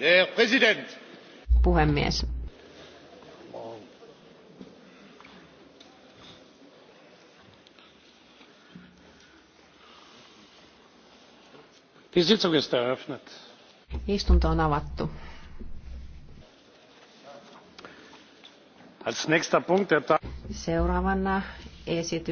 arvoisa Puhemies. Istunto on avattu. Seuraavana esitys.